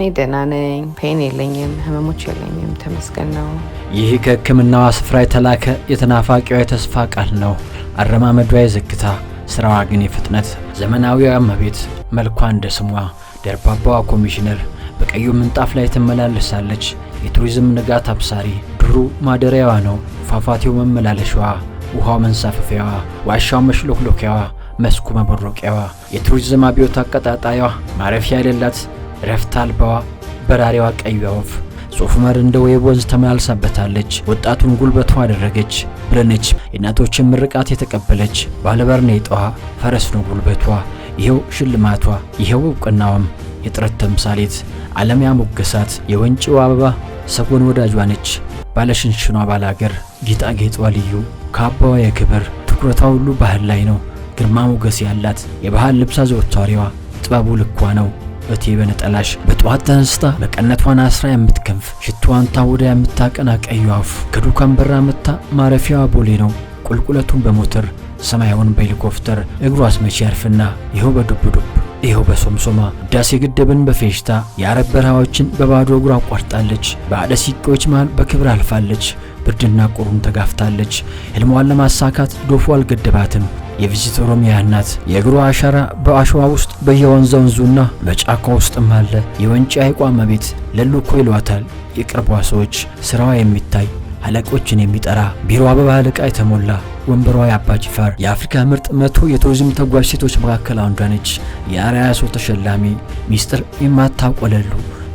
እኔ ደህና ነኝ፣ ፔን የለኝም፣ ህመሞች የለኝም፣ ተመስገን ነው። ይህ ከህክምናዋ ስፍራ የተላከ የተናፋቂዋ የተስፋ ቃል ነው። አረማመዷ የዝግታ፣ ስራዋ ግን የፍጥነት። ዘመናዊዋ እመቤት መልኳ እንደ ስሟ ደርባባዋ ኮሚሽነር በቀዩ ምንጣፍ ላይ ትመላለሳለች። የቱሪዝም ንጋት አብሳሪ ድሩ ማደሪያዋ ነው። ፏፏቴው መመላለሻዋ፣ ውሃው መንሳፈፊያዋ፣ ዋሻው መሽሎክሎኪያዋ፣ መስኩ መበሮቂያዋ፣ የቱሪዝም አብዮት አቀጣጣያዋ፣ ማረፊያ የሌላት ረፍት አልባዋ በራሪዋ ቀዩ ወፍ ሶፍ ዑመር እንደ ወይብ ወንዝ ተመላልሳበታለች። ወጣቱን ጉልበቱ አደረገች ብለነች የእናቶችን ምርቃት የተቀበለች ባለበር ኔጧ ፈረስ ነው ጉልበቷ። ይኸው ሽልማቷ፣ ይኸው እውቅናዋም የጥረት ተምሳሌት ዓለም ያሞገሳት የወንጪው አበባ ሰጎን ወዳጇ ነች። ባለሽንሽኗ ባላገር ጌጣጌጧ ልዩ ካባዋ የክብር ትኩረቷ ሁሉ ባህል ላይ ነው። ግርማ ሞገስ ያላት የባህል ልብስ አዘወታሪዋ ጥበቡ ልኳ ነው። እቴ በነጠላሽ በጠዋት ተነስታ መቀነቷን አስራ የምትከንፍ ሽቶዋን ታውዳ የምታቀና ቀዩ አፍ ከዱካን በራ መታ ማረፊያዋ ቦሌ ነው። ቁልቁለቱን በሞተር ሰማያውን በሄሊኮፕተር እግሯ አስመቼ ያርፍና ይኸው በዱብዱብ ይኸው በሶምሶማ ህዳሴ ግድብን በፌሽታ የአረብ በረሃዎችን በባዶ እግሩ አቋርጣለች። በአደ ሲቄዎች መሃል በክብር አልፋለች። ብርድና ቁሩን ተጋፍታለች። ህልሟን ለማሳካት ዶፎ አልገደባትም። የቪዚት ኦሮሚያ እናት የእግሯ አሻራ በአሸዋ ውስጥ በየወንዝ ወንዙና በጫካ ውስጥም አለ። የወንጪ አይቋ መቤት ለሉኮ ይሏታል የቅርቧ ሰዎች። ስራዋ የሚታይ አለቆችን የሚጠራ ቢሮዋ በባህል ዕቃ የተሞላ ወንበሯ የአባጅፋር የአፍሪካ ምርጥ መቶ የቱሪዝም ተጓዥ ሴቶች መካከል አንዷ ነች። የአርአያ ሰው ተሸላሚ ሚስጥር የማታውቆለሉ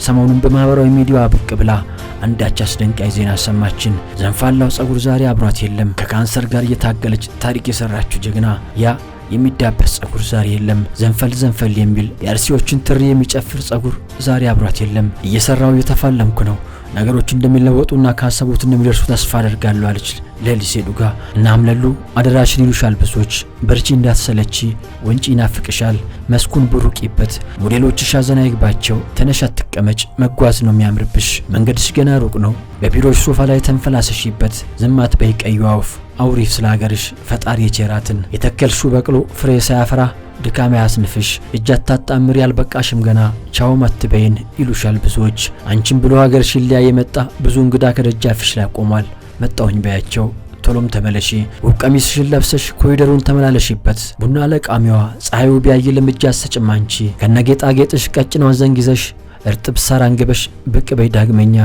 ሰሞኑን በማህበራዊ ሚዲያዋ ብቅ ብላ አንዳች አስደንቃይ ዜና ሰማችን። ዘንፋላው ጸጉር ዛሬ አብሯት የለም። ከካንሰር ጋር እየታገለች ታሪክ የሰራችው ጀግና ያ የሚዳበስ ጸጉር ዛሬ የለም። ዘንፈል ዘንፈል የሚል የአርሲዎችን ትሪ የሚጨፍር ጸጉር ዛሬ አብሯት የለም። እየሰራው እየተፋለምኩ ነው ነገሮች እንደሚለወጡና ካሰቡት እንደሚደርሱ ተስፋ አደርጋለሁ አለች ለሊ ዱጋ። እናም ለሉ አደራሽን ይሉሻል ብሶች፣ በርቺ እንዳትሰለቺ፣ ወንጪ ይናፍቅሻል፣ መስኩን ብሩቂበት፣ ሞዴሎችሽ ሐዘን ይግባቸው፣ ተነሻ አትቀመጭ፣ መጓዝ ነው የሚያምርብሽ፣ መንገድሽ ገና ሩቅ ነው፣ በቢሮሽ ሶፋ ላይ ተንፈላሰሽበት፣ ዝማት አትበይ ቀይዋ አውሪፍ ስለ ሀገርሽ ፈጣሪ የቸራትን የተከልሹ በቅሎ ፍሬ ሳያፈራ ድካም ያስንፍሽ እጅ አታጣምሪ ያልበቃሽም ገና ቻው መትበይን ይሉሻል ብዙዎች። አንቺም ብሎ ሀገር ሽልያ የመጣ ብዙ እንግዳ ከደጃፍሽ ላይ ቆሟል። መጣሁኝ በያቸው ቶሎም ተመለሺ። ውብ ቀሚስሽን ለብሰሽ ኮሪደሩን ተመላለሽበት። ቡና ለቃሚዋ ፀሐዩ ቢያይ ልምጃ አትሰጭም አንቺ ከነጌጣጌጥሽ ዘንግ ይዘሽ! እርጥብ ሳር አንግበሽ ብቅ በይ ዳግመኛ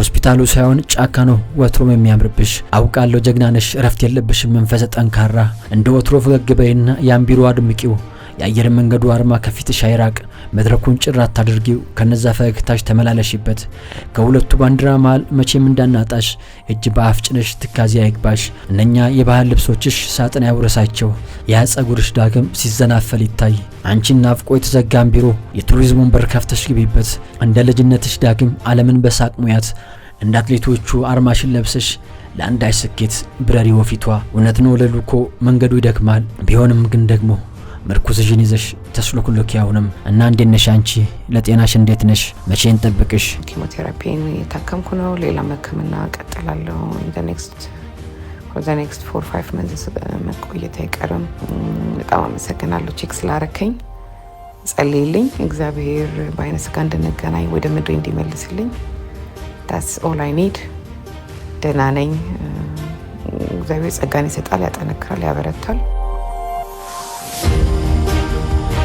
ሆስፒታሉ ሳይሆን ጫካ ነው ወትሮም የሚያምርብሽ። አውቃለሁ ጀግናነሽ፣ እረፍት የለብሽም መንፈሰ ጠንካራ። እንደ ወትሮ ፈገግ በይና ያምቢሮ አድምቂው የአየር መንገዱ አርማ ከፊትሽ አይራቅ፣ መድረኩን ጭር አታድርጊው፣ ከነዛ ፈገግታሽ ተመላለሽበት፣ ከሁለቱ ባንዲራ መሃል መቼም እንዳናጣሽ፣ እጅ በአፍ ጭነሽ ትካዜ አይግባሽ፣ እነኛ የባህል ልብሶችሽ ሳጥን ያውረሳቸው፣ ያ ጸጉርሽ ዳግም ሲዘናፈል ይታይ፣ አንቺን ናፍቆ የተዘጋም ቢሮ የቱሪዝሙን በር ከፍተሽ ግቢበት፣ እንደ ልጅነትሽ ዳግም ዓለምን በሳቅ ሙያት፣ እንደ አትሌቶቹ አርማሽን ለብሰሽ ለአንዳች ስኬት ብረሪ ወፊቷ። እውነት ነው ለሉኮ መንገዱ ይደክማል፣ ቢሆንም ግን ደግሞ ምርኩዝሽን ይዘሽ ተስሉክሉክ ያውንም እና እንዴት ነሽ አንቺ? ለጤናሽ እንዴት ነሽ? መቼ እንጠብቅሽ? ኪሞቴራፒን እየታከምኩ ነው። ሌላም ሕክምና ቀጥላለሁ። ዘ ኔክስት ፎር ፋይቭ መንዝ መቆየት አይቀርም። በጣም አመሰግናለሁ ቼክ ስላረከኝ። ጸልይልኝ፣ እግዚአብሔር በአይነ ስጋ እንድንገናኝ ወደ ምድሬ እንዲመልስልኝ። ታስ ኦል አይ ኒድ። ደህና ነኝ። እግዚአብሔር ጸጋን ይሰጣል፣ ያጠነክራል፣ ያበረታል።